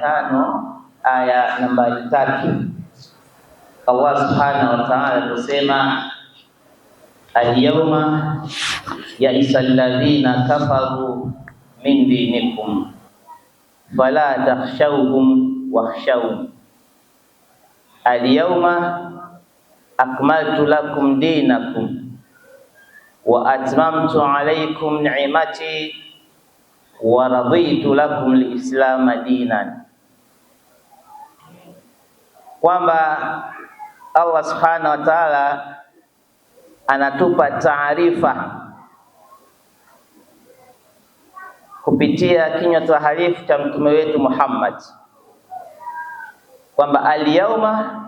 tano aya nambari tatu Allah subhanahu wa ta'ala kusema alyawma yaisa alladhina kafaru min dinikum fala takhshawhum wakhshawni alyawma akmaltu lakum dinakum wa atmamtu alaykum ni'mati wa raditu lakum al-islamu dinan kwamba Allah subhanahu wa ta'ala anatupa taarifa kupitia kinywa taharifu cha mtume wetu Muhammad kwamba alyauma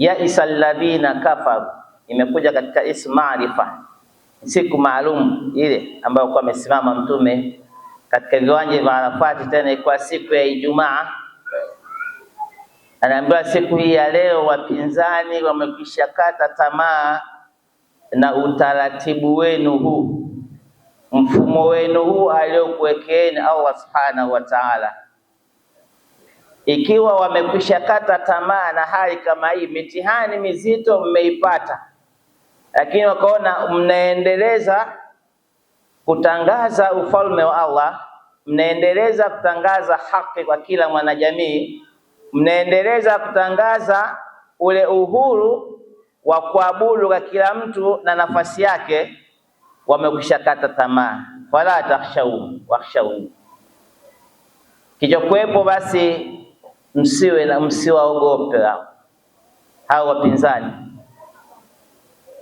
yaisa alladhina kafaru, imekuja katika ismu maarifa, siku maalum ile ambayo kwa amesimama mtume katika viwanja vya Arafati, tena kwa siku ya Ijumaa Anaambiwa siku hii ya leo wapinzani wamekwisha kata tamaa na utaratibu wenu huu, mfumo wenu huu aliokuwekeeni Allah subhanahu wa ta'ala. Ikiwa wamekwisha kata tamaa na hali kama hii, mitihani mizito mmeipata, lakini wakaona mnaendeleza kutangaza ufalme wa Allah, mnaendeleza kutangaza haki kwa kila mwanajamii mnaendeleza kutangaza ule uhuru wa kuabudu kwa kila mtu na nafasi yake, wamekushakata tamaa. Fala takhshawni wakhshawni, kichokwepo basi msiwe na msiwaogope hao wapinzani,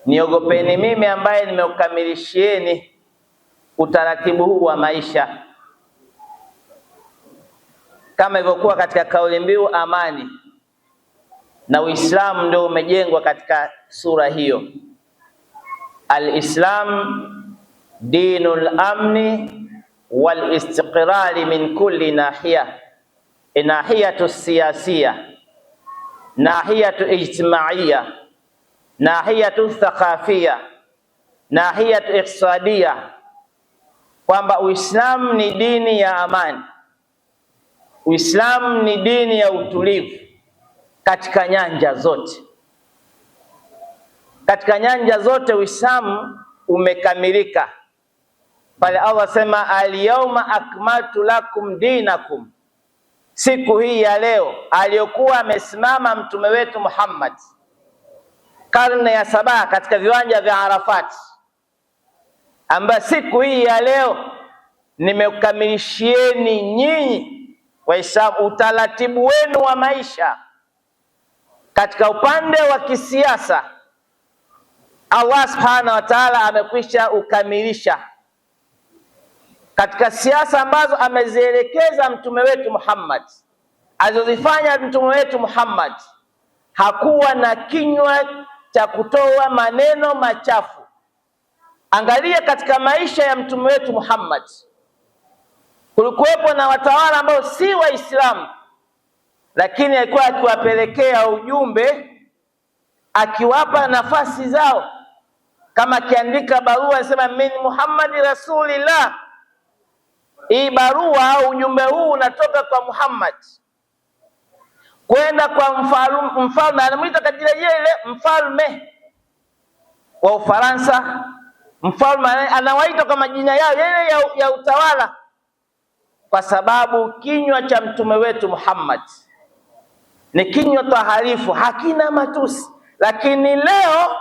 niogopeni mimi ambaye nimekukamilishieni utaratibu huu wa maisha kama ilivyokuwa katika kauli mbiu amani, na Uislamu ndio umejengwa katika sura hiyo. Alislam dinul amni wal istiqrari min kulli nahiya e, nahiyatu siyasiya nahiyatu ijtimaiya nahiyatu thaqafiya nahiyatu iqtisadiya, kwamba Uislamu ni dini ya amani Uislamu ni dini ya utulivu katika nyanja zote. Katika nyanja zote Uislamu umekamilika pale Allah sema, alyauma akmaltu lakum dinakum, siku hii ya leo aliyokuwa amesimama mtume wetu Muhammad karne ya saba katika viwanja vya Arafati, ambayo siku hii ya leo nimekamilishieni nyinyi Waislamu, utaratibu wenu wa maisha katika upande wa kisiasa Allah subhanahu wa taala amekwisha ukamilisha katika siasa ambazo amezielekeza mtume wetu Muhammad, alizozifanya mtume wetu Muhammad. Hakuwa na kinywa cha kutoa maneno machafu. Angalia katika maisha ya mtume wetu Muhammad Kulikuwepo na watawala ambao si Waislamu, lakini alikuwa akiwapelekea ujumbe, akiwapa nafasi zao, kama akiandika barua anasema min Muhammadi rasulillah, hii barua au ujumbe huu unatoka kwa Muhammad kwenda kwa mfalme, mfalme anamwita katika jina ile mfalme wa Ufaransa, mfalme anawaita kwa majina yao yeye ya, ya utawala kwa sababu kinywa cha mtume wetu Muhammad ni kinywa taharifu, hakina matusi. Lakini leo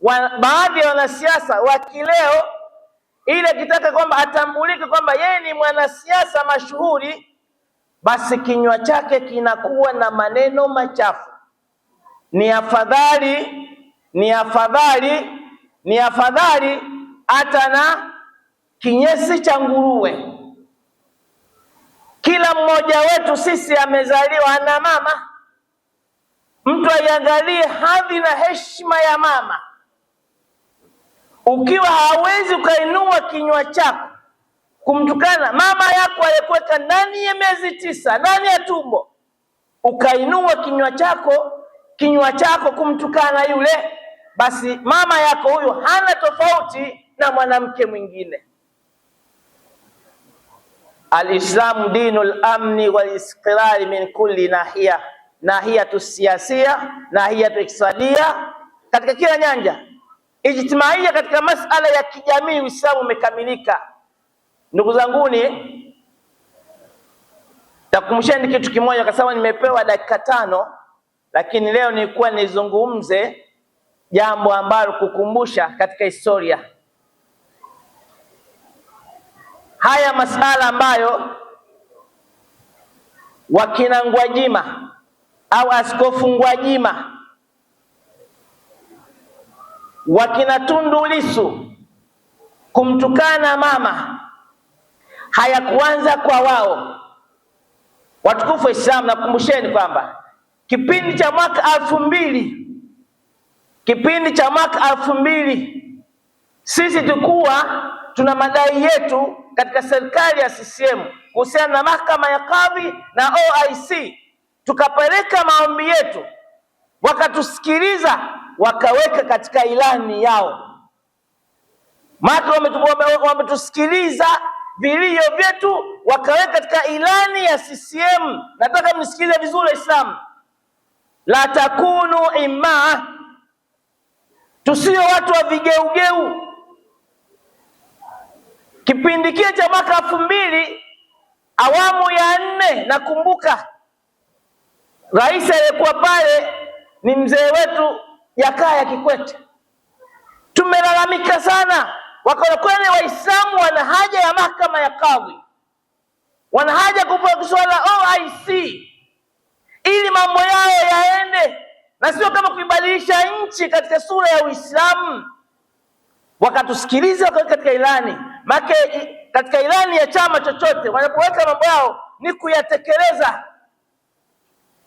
wa, baadhi ya wanasiasa wa kileo ile kitaka kwamba atambulike kwamba yeye ni mwanasiasa mashuhuri, basi kinywa chake kinakuwa na maneno machafu. Ni afadhali ni afadhali ni afadhali hata na kinyesi cha nguruwe kila mmoja wetu sisi amezaliwa na mama. Mtu aiangalie hadhi na heshima ya mama. Ukiwa hawezi ukainua kinywa chako kumtukana mama yako aliyekuweka ndani ya miezi tisa ndani ya tumbo, ukainua kinywa chako kinywa chako kumtukana yule, basi mama yako huyo hana tofauti na mwanamke mwingine. Alislamu dinu lamni walistiqrari min kulli nahia, nahiyatu siasia, nahiyatu iktisadia, katika kila nyanja ijtimaia, katika masala ya kijamii Uislamu umekamilika. Ndugu zanguni, takumsheni kitu kimoja, kwa sababu nimepewa dakika tano, lakini leo nilikuwa nizungumze jambo ambalo kukumbusha katika historia haya masala ambayo wakina Ngwajima au Askofu Ngwajima wakina Tundu Lissu kumtukana mama hayakuanza kwa wao. Watukufu wa Islam, nakumbusheni kwamba kipindi cha mwaka elfu mbili kipindi cha mwaka elfu mbili sisi tukuwa tuna madai yetu katika serikali ya CCM kuhusiana na mahakama ya kadhi na OIC. Tukapeleka maombi yetu, wakatusikiliza, wakaweka katika ilani yao. Maana wametusikiliza vilio vyetu, wakaweka katika ilani ya CCM. Nataka mnisikilize vizuri, Waislamu, la takunu imma, tusio watu wa vigeugeu Kipindi kile cha mwaka elfu mbili awamu ya nne, nakumbuka rais aliyekuwa pale ni mzee wetu Jakaya Kikwete. Tumelalamika sana, wakaona Waislamu wana haja ya mahakama ya kadhi, wana haja kupewa swala OIC ili mambo yao yaende, na sio kama kuibadilisha nchi katika sura ya Uislamu. Wakatusikiliza, katika ilani Make katika ilani ya chama chochote wanapoweka mambo yao ni kuyatekeleza,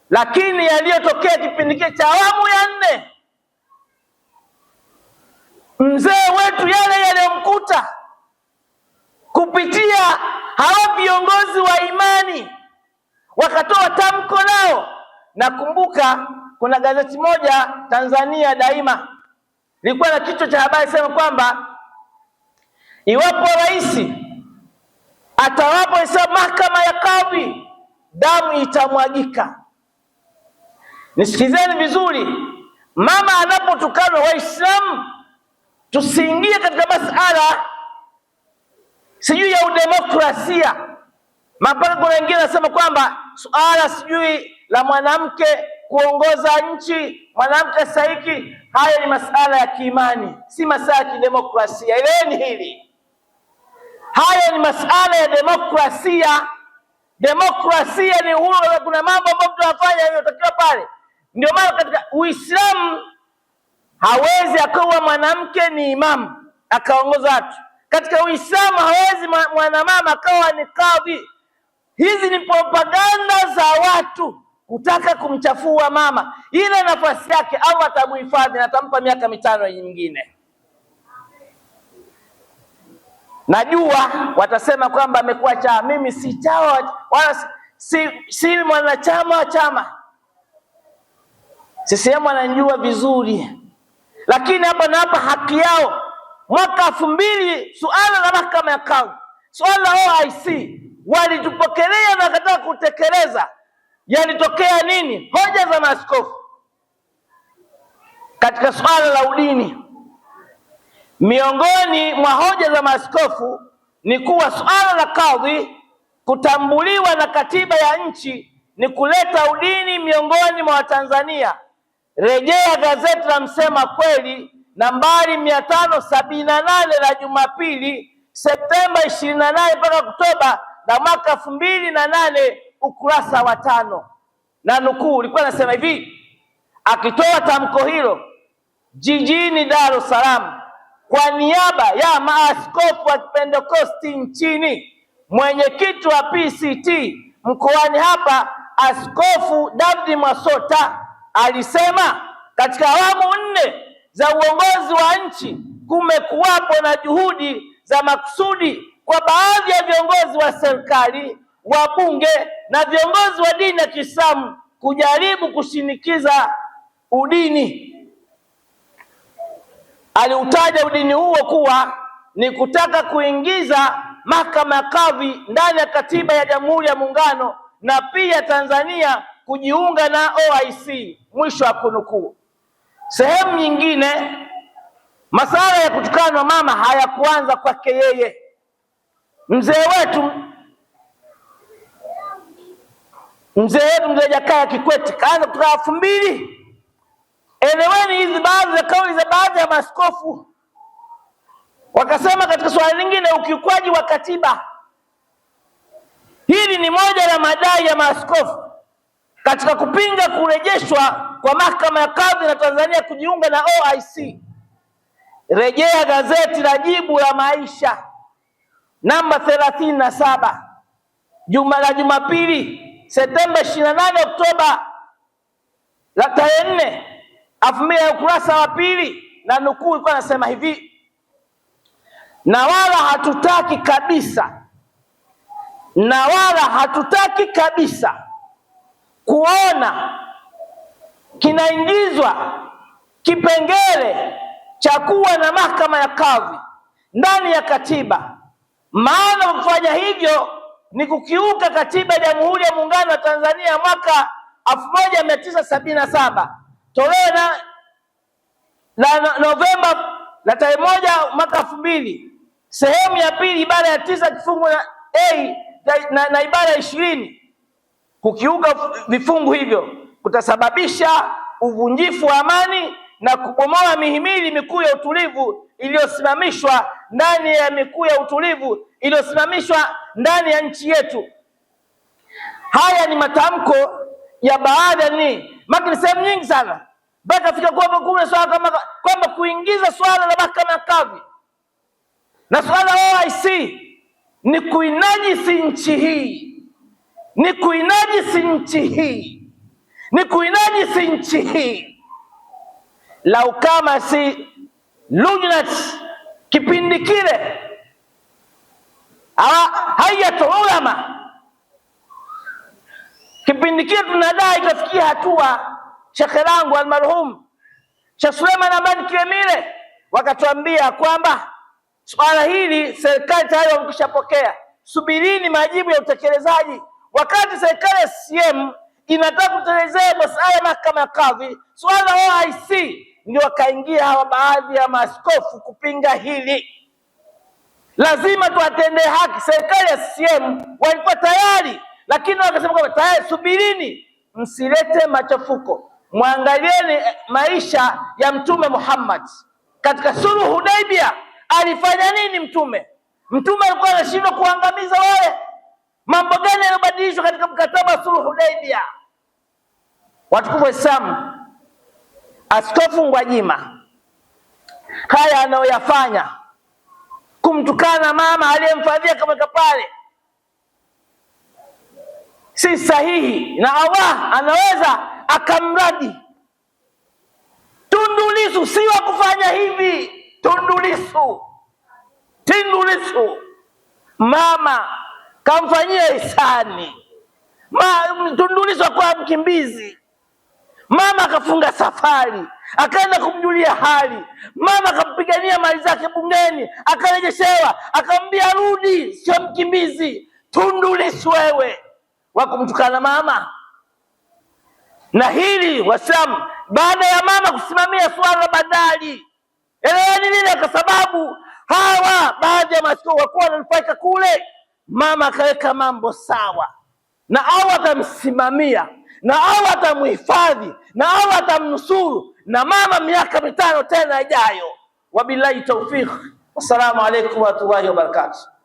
lakini yaliyotokea kipindi kile cha awamu ya nne, mzee wetu yale yaliyomkuta kupitia hawa viongozi wa imani wakatoa tamko lao. Nakumbuka kuna gazeti moja Tanzania Daima lilikuwa na kichwa cha habari sema kwamba Iwapo rais atawaposa mahakama ya kadhi, damu itamwagika. Nisikizeni vizuri, mama anapotukanwa, Waislamu tusiingie katika masala sijui ya udemokrasia, mapaka kuna wengine anasema kwamba suala sijui la mwanamke kuongoza nchi mwanamke saiki Haya ni masala ya kiimani, si masala ya kidemokrasia. Eleweni hili. Haya ni masala ya demokrasia. Demokrasia ni uhuru, kuna mambo ambayo mtu anafanya yanayotakiwa pale. Ndio maana katika Uislamu hawezi akawa mwanamke ni imamu akaongoza watu. Katika Uislamu hawezi mwanamama akawa ni kadhi. Hizi ni propaganda za watu kutaka kumchafua mama. Ile nafasi yake Allah atamuhifadhi na atampa miaka mitano nyingine. Najua watasema kwamba amekuwa chawa. Mimi si chawa wala si, si mwanachama wa chama CCM, wananijua vizuri, lakini hapa na hapa haki yao. Mwaka elfu mbili suala la mahakama ya kaunti, suala la OIC walitupokelea na wakataka kutekeleza, yalitokea nini? Hoja za maaskofu katika suala la udini Miongoni mwa hoja za maaskofu ni kuwa suala la kadhi kutambuliwa na katiba ya nchi ni kuleta udini miongoni mwa Watanzania. Rejea gazeti la Msema Kweli nambari mia tano sabini na nane la Jumapili Septemba ishirini na nane mpaka Oktoba na mwaka elfu mbili na nane ukurasa wa tano na nukuu, ulikuwa anasema hivi akitoa tamko hilo jijini Dar es Salaam kwa niaba ya maaskofu wa Kipentekosti nchini, mwenyekiti wa PCT mkoani hapa, Askofu David Mwasota alisema katika awamu nne za uongozi wa nchi kumekuwapo na juhudi za makusudi kwa baadhi ya viongozi wa serikali, wabunge na viongozi wa dini ya Kiislamu kujaribu kushinikiza udini aliutaja udini huo kuwa ni kutaka kuingiza mahakama ya kadhi ndani ya katiba ya Jamhuri ya Muungano na pia Tanzania kujiunga na OIC. Mwisho wa kunukuu. Sehemu nyingine, masala ya kutukanwa mama hayakuanza kwake yeye. Mzee wetu mzee wetu mzee Jakaya Kikwete kaanza kutoka elfu mbili Eleweni hizi baadhi ya kauli za baadhi ya maaskofu. Wakasema katika suala lingine, ukiukwaji wa katiba. Hili ni moja la madai ya maaskofu katika kupinga kurejeshwa kwa mahakama ya kadhi na Tanzania kujiunga na OIC. Rejea gazeti la Jibu la Maisha namba thelathini na saba juma la Jumapili Septemba 28 Oktoba la tarehe nne Alafu ya ukurasa wa pili na nukuu ilikuwa nasema hivi, na wala hatutaki kabisa, na wala hatutaki kabisa kuona kinaingizwa kipengele cha kuwa na mahakama ya kadhi ndani ya katiba, maana kufanya hivyo ni kukiuka katiba ya Jamhuri ya Muungano wa Tanzania mwaka elfu moja mia tisa sabini na saba Toleo la, na Novemba la tarehe moja mwaka elfu mbili sehemu ya pili ibara ya tisa kifungu na, A na, na ibara ya ishirini kukiuka vifungu hivyo kutasababisha uvunjifu wa amani na kubomoa mihimili mikuu ya utulivu iliyosimamishwa ndani ya mikuu ya utulivu iliyosimamishwa ndani ya nchi yetu. Haya ni matamko ya baadhi ni makini sehemu nyingi sana mpaka afika tukakuwa kumbe swala kama kwamba kuingiza swala la mahakama ya kadhi na swala la OIC ni kuinajisi nchi hii, ni kuinajisi nchi hii, ni kuinajisi nchi hii. Lau kama si LUGNAT kipindi kile hayatul ulama kipindi kile, tunadai ikafikia hatua shekhe langu almarhum Sheikh Suleiman Abani Kiremile wakatuambia kwamba swala hili serikali tayari wamekushapokea, subirini majibu ya utekelezaji. Wakati serikali ya CCM inataka kutekelezea masuala ya mahakama ya kadhi, swala la OIC, ndio wakaingia hawa baadhi ya maaskofu kupinga hili. Lazima tuwatendee haki. Serikali ya CCM walikuwa tayari, lakini wakasema kwamba tayari, subirini, msilete machafuko Mwangalieni eh, maisha ya Mtume Muhammad katika suluhu Hudaibia, alifanya nini Mtume? Mtume alikuwa anashindwa kuangamiza wale? Mambo gani yaliyobadilishwa katika mkataba wa suluhu Hudaibia? Watukufu Waislamu, Askofu ngwajima haya anayoyafanya kumtukana mama aliyemfadhia kamweka pale si sahihi, na Allah anaweza akamradi Tundu Lissu si wa kufanya hivi. Tundu Lissu, Tundu Lissu mama kamfanyia hisani Ma, Tundu Lissu akuwa mkimbizi, mama akafunga safari akaenda kumjulia hali mama, akampigania mali zake bungeni, akarejeshewa, akamwambia rudi, sio mkimbizi. Tundu Lissu wewe, wakumtukana mama na hili Waislamu, baada ya mama kusimamia swala la bandari, eleweni lile, kwa sababu hawa baadhi ya maaskofu wakuwa wananufaika kule. Mama akaweka mambo sawa, na Allah atamsimamia na Allah atamhifadhi na Allah atamnusuru na mama miaka mitano tena ijayo. Wabillahi tawfiq, wassalamu alaikum warahmatullahi wabarakatuh.